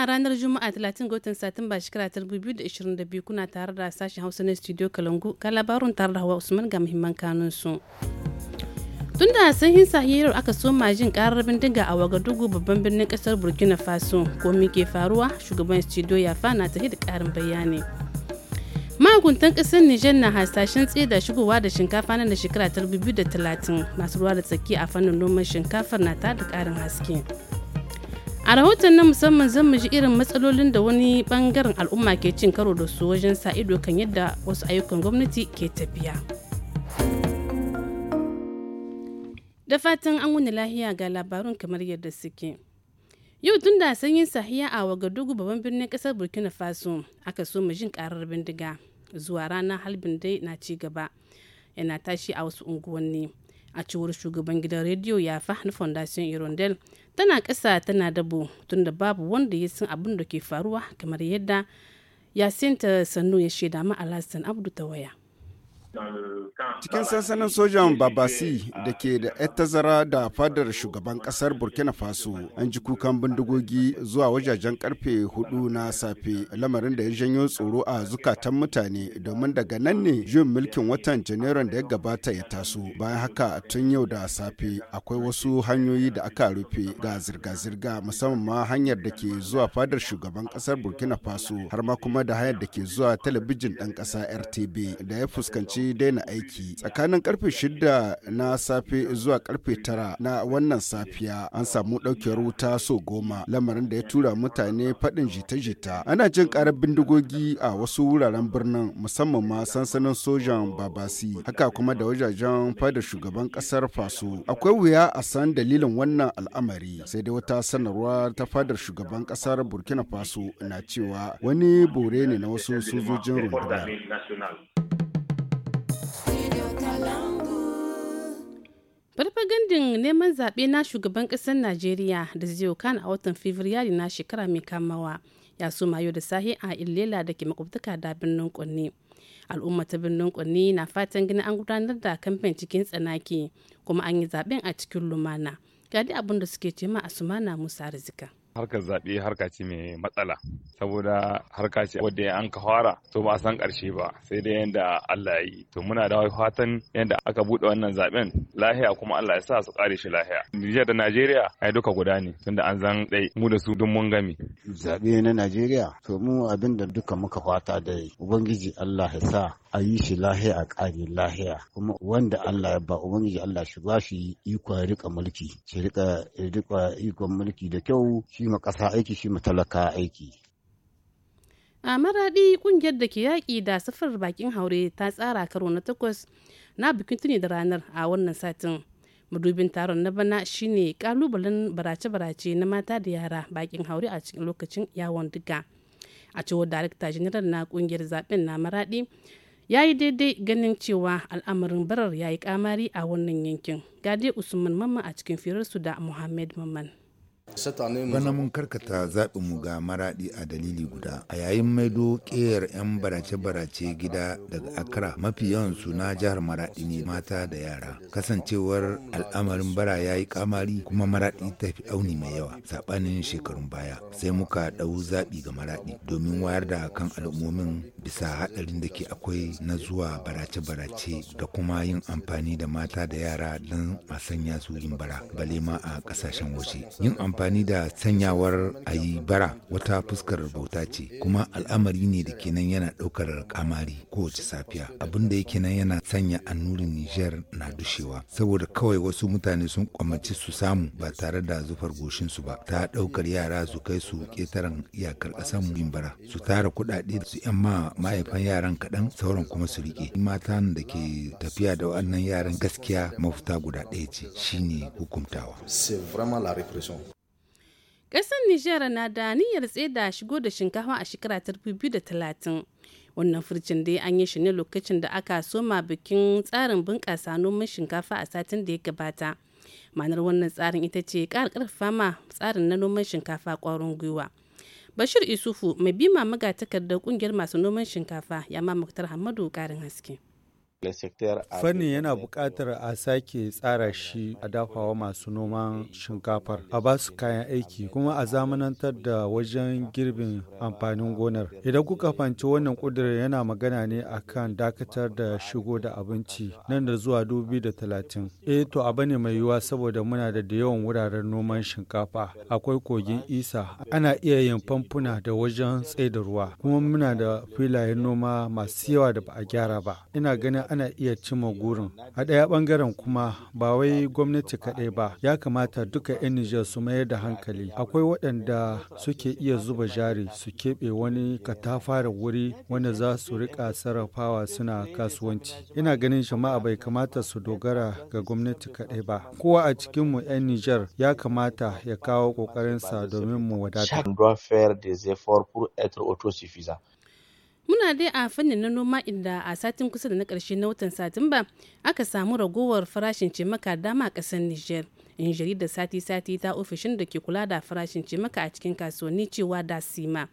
Muna ranar Juma'a 30 ga watan Satumba shekara 2022 kuna tare da sashen Hausa na Studio Kalangu ga labarin tare da Hawa Usman ga muhimman kanun su. Tun da sahin sahiyar aka so jin karar bindiga a Wagadugu babban birnin kasar Burkina Faso ko ke faruwa shugaban Studio Yafa na ta da karin bayani. maguntan kasar Nijar na hasashen tsida shigowa da shinkafa na da shekara 2030 masu ruwa da tsaki a fannin noman shinkafar na tada karin haske. a rahoton na musamman zan mu ji irin matsalolin da wani bangaren al'umma ke cin karo da su wajen sa ido kan yadda wasu ayyukan gwamnati ke tafiya da fatan an wuni lahiya ga labarun kamar yadda suke yau tun da sanyin sahiya a wagadugu babban birnin kasar burkina faso aka so mu jin karar bindiga zuwa ranar halbin dai na ci gaba yana tashi a wasu unguwanni a cewar shugaban gidan rediyo ya na fondation irondel tana ƙasa tana dabo tunda babu wanda ya san abin da ke faruwa kamar yadda yasinta sannu ya shaida ma alhassan abdu ta waya Cikin sansanin sojan Babasi da ke da 'yan tazara da fadar shugaban kasar Burkina Faso an ji kukan bindigogi zuwa wajajen karfe hudu na safe lamarin da ya janyo tsoro a zukatan mutane domin daga nan ne juyin mulkin watan Janairun da ya gabata ya taso. Bayan haka tun yau da safe akwai wasu hanyoyi da aka rufe ga zirga-zirga musamman ma hanyar da ke zuwa fadar shugaban kasar Burkina Faso har ma kuma da hanyar da ke zuwa talabijin ɗan ƙasa RTB da ya fuskanci daina aiki tsakanin karfe shida na safe zuwa karfe tara na wannan safiya an samu ɗaukewar wuta so goma lamarin da ya tura mutane faɗin jita-jita ana jin ƙarar bindigogi a wasu wuraren birnin musamman ma sansanin sojan babasi haka kuma da wajajen fada shugaban kasar faso akwai wuya a san dalilin wannan al'amari sai dai wata sanarwa ta fadar shugaban ƙasar burkina faso na cewa wani bore ne na wasu sojojin rundunar farfagandin neman zaɓe na shugaban ƙasar najeriya da zai kana a watan fabrairu na shekara mai kamawa ya so mayo da sahi a illela da ke makwabtaka da birnin kunne al'umma ta birnin kunne na fatan ganin an gudanar da kamfen cikin tsanaki kuma an yi zaɓen a cikin lumana ga abin da suke cema a sumana musa arzika harkar zaɓe harka ce mai matsala saboda harka ce wadda an ka fara to ba a san ƙarshe ba sai dai yadda Allah ya yi to muna da fatan yadda aka buɗe wannan zaɓen lahiya kuma Allah ya sa su kare shi lahiya Nijar da Najeriya ai duka guda ne tunda an zan ɗai mu da su dun mun gami. zaɓe na Najeriya to mu abin da duka muka fata da ubangiji Allah ya sa a yi shi lahiya a ƙare lahiya kuma wanda Allah ya ba ubangiji Allah shi ba shi iko ya rika mulki shi rika rika ikon mulki da kyau shi ma ƙasa aiki shi ma talaka aiki a maradi kungiyar da ke yaƙi da safar bakin haure ta tsara karo na takwas na bikin tuni da ranar a wannan satin madubin taron na bana shine ƙalubalen barace-barace na mata da yara bakin haure a cikin lokacin yawon duka a cewar darakta Jeneral na ƙungiyar zaben na maradi ya yi daidai ganin cewa al'amarin barar ya yi kamari a wannan yankin gade usman mamman a cikin firarsu da muhammad mamman Bana mun karkata zaɓinmu ga maraɗi a dalili guda. A yayin maido ƙeyar 'yan barace-barace gida daga Accra mafi yawan suna jihar maraɗi ne mata da yara. Kasancewar al'amarin bara ya yi kamari kuma maraɗi ta fi auni mai yawa saɓanin shekarun baya. Sai muka ɗau zaɓi ga maraɗi domin wayar da kan al'ummomin bisa haɗarin da ke akwai na zuwa barace-barace da kuma yin amfani da mata da yara don a sanya su yin bara bale ma a ƙasashen waje. Yin amfani da sanyawar ayi bara wata fuskar bauta ce kuma al'amari ne da kenan yana ɗaukar kamari kowace safiya abin da yake nan yana sanya annurin Nijar na dushewa saboda kawai wasu mutane sun kwamace su samu ba tare da zufar goshin su ba ta ɗaukar yara su kai su ƙetaren iyakar ƙasar mu bara su tara kuɗaɗe su yan ma mahaifan yaran kaɗan sauran kuma su riƙe matan da ke tafiya da wannan yaran gaskiya mafita guda ɗaya ce shine hukumtawa. Ƙasar Nijar na da niyyar tseda shigo da shinkafa a shekara ta talatin Wannan furcin dai an yi shi ne lokacin da aka soma bikin tsarin bunƙasa noman shinkafa a satin da ya gabata. Ma'anar wannan tsarin ita ce ƙara ƙarfafa ma tsarin na noman shinkafa ƙwarin gwiwa. Bashir Isufu mai bima magatakardar ƙungiyar masu noman shinkafa ya ma Muktar Hamadu ƙarin haske. Fanni yana buƙatar a sake tsara shi a dafawa masu noman shinkafar, a ba su kayan aiki kuma a zamanantar da wajen girbin amfanin gonar. Idan kuka fahimci wannan ƙudurin yana magana ne a kan dakatar da shigo da abinci nan da zuwa dubi da talatin. Eh to abu ne mai yiwuwa saboda muna da da yawan wuraren noman shinkafa. Akwai kogin isa, ana iya yin famfuna da wajen tsaida ruwa, kuma muna da filayen noma masu yawa da ba a gyara ba. Ina ganin ana iya cimma gurin. A ɗaya ɓangaren kuma ba wai gwamnati kaɗai ba, ya kamata duka 'yan Nijar su mayar da hankali. Akwai waɗanda suke iya zuba jari su keɓe wani katafaren wuri wanda za su riƙa sarrafawa suna kasuwanci. Ina ganin jama'a bai kamata su dogara ga gwamnati kaɗai ba. Kowa a cikinmu 'yan Nijar ya kamata ya kawo ƙoƙarinsa domin mu wadata. muna dai a fannin na noma inda a satin kusa da na karshe na watan satumba aka samu ragowar farashin cimaka dama a ƙasar niger in jarida sati-sati ta ofishin da ke kula da farashin cimaka a cikin kasuwanni cewa da sima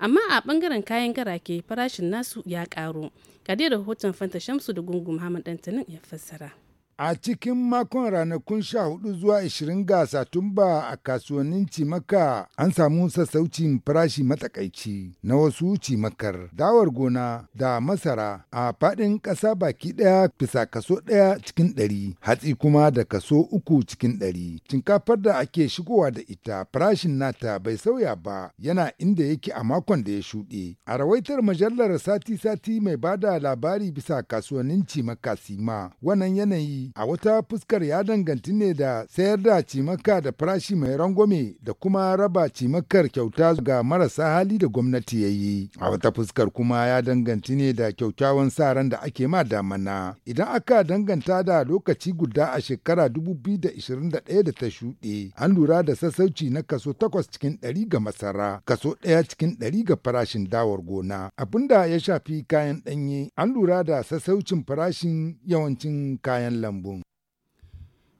amma a bangaren kayan garake farashin nasu ya ƙaru kadai rahoton fanta shamsu da gungun muhammad dantanin ya fassara A cikin makon ranakun sha hudu zuwa ashirin ga Satumba a kasuwannin cimaka an samu sassaucin farashi matsakaici na wasu cimakar dawar gona da masara a fadin ƙasa baki ɗaya bisa kaso ɗaya cikin ɗari hatsi kuma da kaso uku cikin ɗari. Cinkafar da ake shigowa da ita farashin nata bai sauya ba yana inda yake a makon da ya shuɗe. A rawaitar mujallar sati-sati mai bada labari bisa kasuwannin cimaka sima wannan yanayi a wata fuskar ya danganci ne da sayar da cimaka da farashi mai rangwame da kuma raba cimakar kyauta ga marasa hali da gwamnati ya yi. A wata fuskar kuma ya danganci ne da kyaukyawan sa ran da ake ma damana. Idan aka danganta da lokaci guda a shekara 2021 da ta shuɗe, an lura da sassauci na kaso takwas cikin ɗari ga masara, kaso ɗaya cikin ɗari ga farashin dawar gona. Abinda ya shafi kayan ɗanye, an lura da sassaucin farashin yawancin kayan lambu. lambun.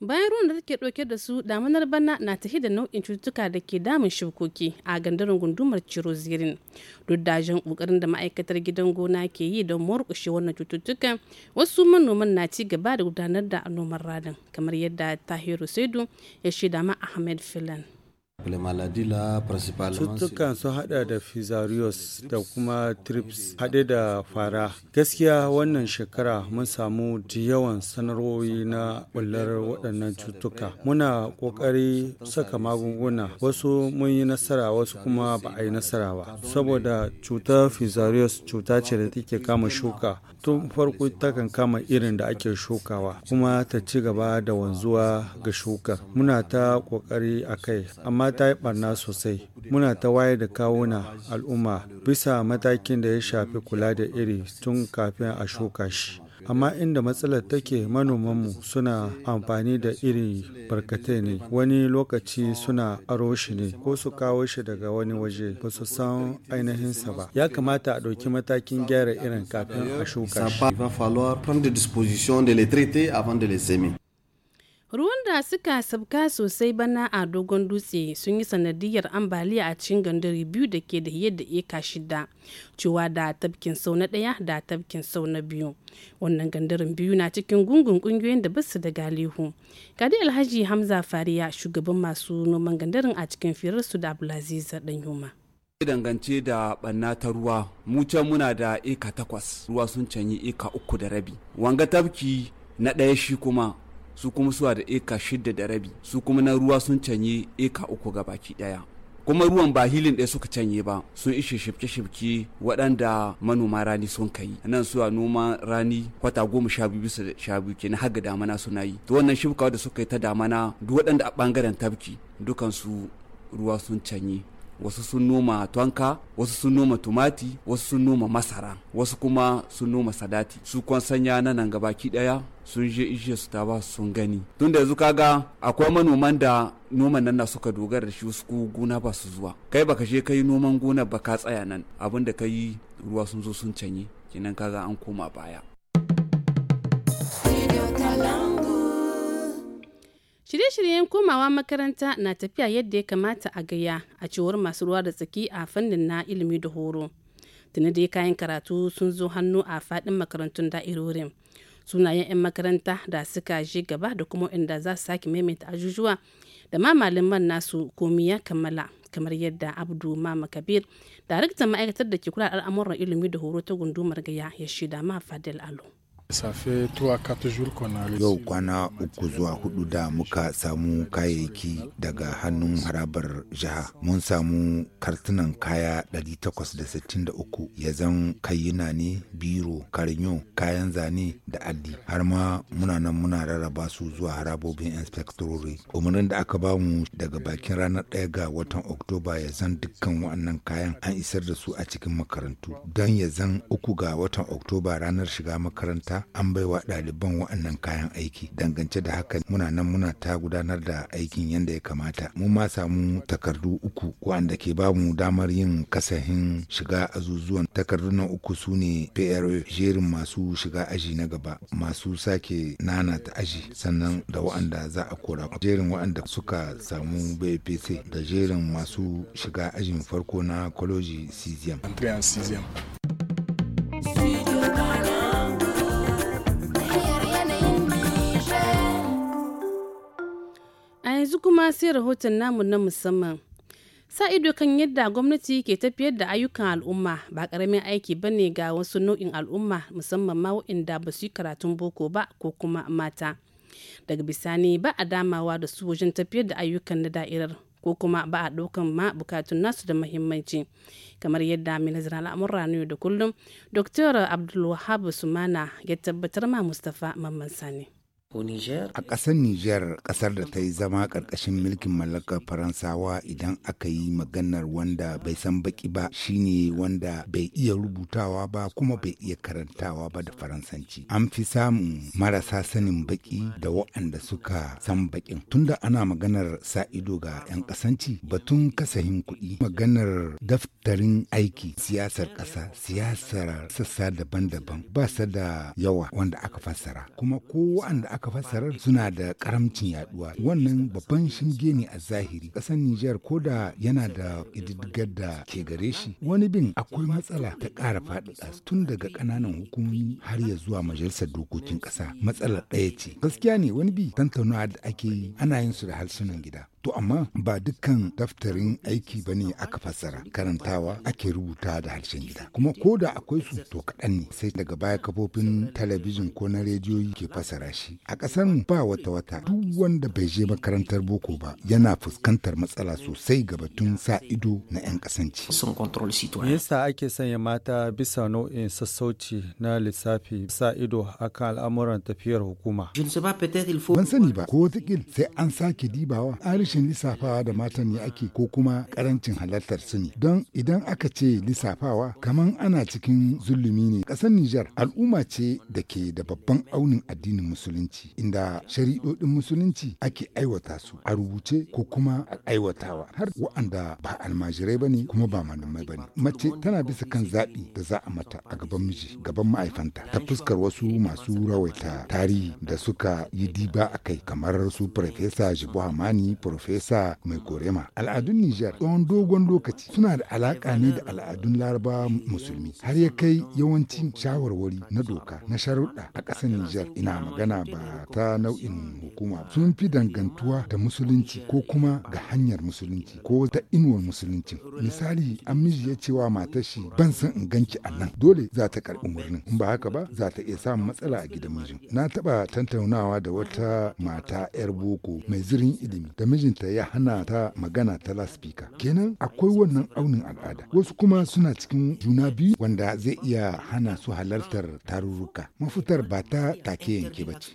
bayan ruwan da take ɗauke da su damanar bana na tafi da nau'in cututtuka da ke damun shukoki a gandarin gundumar cirozirin duk da jan ƙoƙarin da ma'aikatar gidan gona ke yi don murƙushe wannan cututtuka wasu manoman na ci gaba da gudanar da noman radin kamar yadda tahiru saidu ya shaida ma ahmed filan Cututtukan sun hada da fizarius da kuma Trips hade da fara. Gaskiya wannan shekara mun samu da yawan sanarwoyi na bullar waɗannan cutuka Muna ƙoƙari saka magunguna wasu mun yi nasara wasu kuma ba a yi nasara ba. Saboda cutar fizarius cuta ce da take kama shuka. Tun farko takan kama irin da ake shukawa kuma ta ci gaba da wanzuwa ga shuka Muna ta ƙoƙari a kai amma ta yi barna sosai. Muna ta wayar da kawuna al'umma bisa matakin da ya shafi kula da iri tun kafin a shuka shi. amma inda matsalar take manomanmu suna amfani da iri barkatai ne wani lokaci suna aro shi ne ko su kawo shi daga wani waje ba su san ainihinsa ba ya kamata a ɗauki matakin gyara irin kafin a shuka shi ruwan da suka sabka sosai bana a dogon dutse sun yi sanadiyar ambaliya a cikin gandari biyu da ke da yadda eka shida cewa da tafkin sau na ɗaya da tafkin sau na biyu wannan gandarin biyu na cikin gungun kungiyoyin da basu da galihu kadi alhaji hamza fariya shugaban masu noman gandarin a cikin firarsu da abdulaziz dan yuma dangance da banna ta ruwa mu can muna da eka takwas ruwa sun canyi eka uku da rabi wanga tafki na ɗaya shi kuma su kuma suwa da eka shida da rabi su kuma na ruwa sun canye eka uku ga baki daya kuma ruwan ba hilin ɗaya suka canye ba sun ishe shifke-shifke waɗanda manoma rani sun kai nan suwa noma rani kwata goma sha biyu bisa sha biyu kenan har ga damana suna yi to wannan shifkawa da suka yi ta damana duk waɗanda a ɓangaren tafki dukansu ruwa sun canye wasu sun noma tonka wasu sun noma tumati wasu sun noma masara wasu kuma sun noma sadati su sanya na nan gabaki daya sun je ishe su ta ba sun gani tun da yanzu kaga akwai manoman da noman nan na suka dogara da shi wasu ku gona ba su zuwa kai baka je kai noman gona ba ka tsaya nan abin da kai ruwa sun zo sun canye kenan kaga an koma baya Shirye-shiryen komawa makaranta na tafiya yadda ya kamata a gaya a cewar masu ruwa da tsaki a fannin na ilimi da horo. Tuni dai kayan karatu sun zo hannu a faɗin makarantun da'irorin. Sunayen 'yan makaranta da suka je gaba da kuma inda za su sake maimaita ajujuwa da ma malaman nasu komi ya kammala kamar yadda Abdu Mama Kabir, daraktan ma'aikatar da ke kula al'amuran ilimi da horo ta gundumar gaya ya shida ma Fadel Alu. Yau kwana uku zuwa hudu da muka samu kayayyaki daga hannun harabar jiha. Mun samu kartunan kaya 863 ya zan kayyuna ne, biro, karnyo kayan zane da addi. Har ma muna nan muna rarraba su zuwa harabobin inspectorori. Umarnin da aka bamu daga bakin ranar 1 ga watan Oktoba ya zan dukkan wa'annan kayan an isar da su a cikin makarantu. Don ya zan uku ga watan Oktoba ranar shiga makaranta an bai wa ɗaliban waɗannan kayan aiki dangance da haka muna nan muna ta gudanar da aikin yadda ya kamata mun ma samu takardu uku wanda ke ba mu damar yin kasahin shiga azuzuwan takardu na uku su ne PRA jerin masu shiga aji na gaba masu sake nana ta aji sannan da waɗanda za a kora jerin waɗanda suka samu BPC da jerin masu shiga ajin farko na kwaloji cesium. yanzu kuma sai rahoton namu na musamman. sa ido kan yadda gwamnati ke tafiyar da ayyukan al'umma ba karamin aiki ba ne ga wasu nau'in al'umma musamman ma waɗanda ba su yi karatun boko ba ko kuma mata daga bisani ba a damawa da su wajen tafiyar da ayyukan na da'irar ko kuma ba a ɗaukan ma bukatun nasu da mahimmanci kamar yadda ministan al'amuran yau da kullum dr abdulwahab sumana ya tabbatar ma mustapha mamman sani A ƙasar Nijar, ƙasar da ta yi zama ƙarƙashin mulkin mallakar Faransawa idan aka yi maganar wanda bai san baki ba shine wanda bai iya rubutawa ba kuma bai iya karantawa ba da Faransanci. An fi samun marasa sanin baki da waɗanda suka san bakin. Tunda ana maganar sa ido ga 'yan ƙasanci, batun kasahin kuɗi, maganar daftarin aiki, siyasar ƙasa, siyasar sassa daban-daban ba su da yawa wanda aka fassara. Kuma ko waɗanda aka aka suna da karamcin yaduwa wannan babban shinge ne a zahiri ƙasar Nijar ko da yana da ƙididdigar da ke gare shi wani bin akwai matsala ta ƙara faɗaɗa tun daga ƙananan hukumomi har ya zuwa majalisar dokokin ƙasa matsalar ɗaya ce gaskiya ne wani bi tantaunawa da ake yi ana yin su da harsunan gida To amma ba dukkan daftarin aiki ba ne aka fassara karantawa ake rubuta da harshen gida. Kuma ko da akwai su to kaɗan ne sai daga baya kafofin talabijin ko na rediyoyi ke fassara shi. A ƙasar ba wata wata duk wanda bai je makarantar boko ba yana fuskantar matsala sosai ga batun sa ido na 'yan kasance. Yasa ake sanya mata bisa nau'in sassauci na lissafi sa ido akan al'amuran tafiyar hukuma. Ban sani ba ko sai an sake dibawa. Arish rashin lissafawa da matan ne ake ko kuma karancin halartar su ne don idan aka ce lissafawa kamar ana cikin zulumi ne ƙasar Nijar al'umma ce da ke da babban aunin addinin musulunci inda shari'o'in musulunci ake aiwata su a rubuce ko kuma a aiwatawa har wa'anda ba almajirai ba ne kuma ba malamai ba ne mace tana bisa kan zaɓi da za a mata a gaban miji gaban ma'aifanta ta fuskar wasu masu rawaita tarihi da suka yi diba a kai kamar su Farfesa Jibo Hamani, Farfesa Mai Korema. Al'adun Nijar tsawon dogon lokaci suna da alaƙa ne da al'adun Laraba musulmi har ya kai yawancin shawarwari na doka na sharuɗa a ƙasar Nijar ina magana ba ta nau'in hukuma sun fi dangantuwa da musulunci ko kuma ga hanyar musulunci ko ta inuwar musulunci. Misali an miji ya cewa matar shi ban san in ganki a nan dole za ta karɓi murnin in ba haka ba za ta iya samun matsala a gidan mijin. Na taɓa tantaunawa da wata mata 'yar boko mai zirin ilimi da mijin mijinta ya hana ta magana ta laspika kenan akwai wannan aunin al'ada wasu kuma suna cikin juna biyu wanda zai iya hana su halartar tarurruka mafitar ba ta take yanke ba ce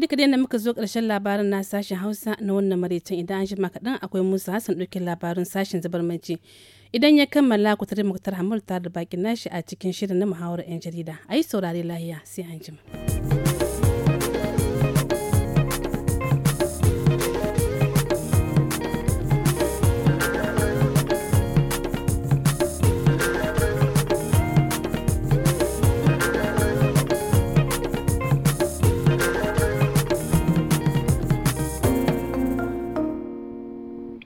duka yadda muka zo ƙarshen labarin na sashen hausa na wannan maraicin idan an jima kaɗan akwai musa hassan ɗaukin labarin sashen mace idan ya kammala ku tare muktar hamur tare da bakin nashi a cikin shirin na muhawarar 'yan jarida a yi saurari lahiya sai an jima.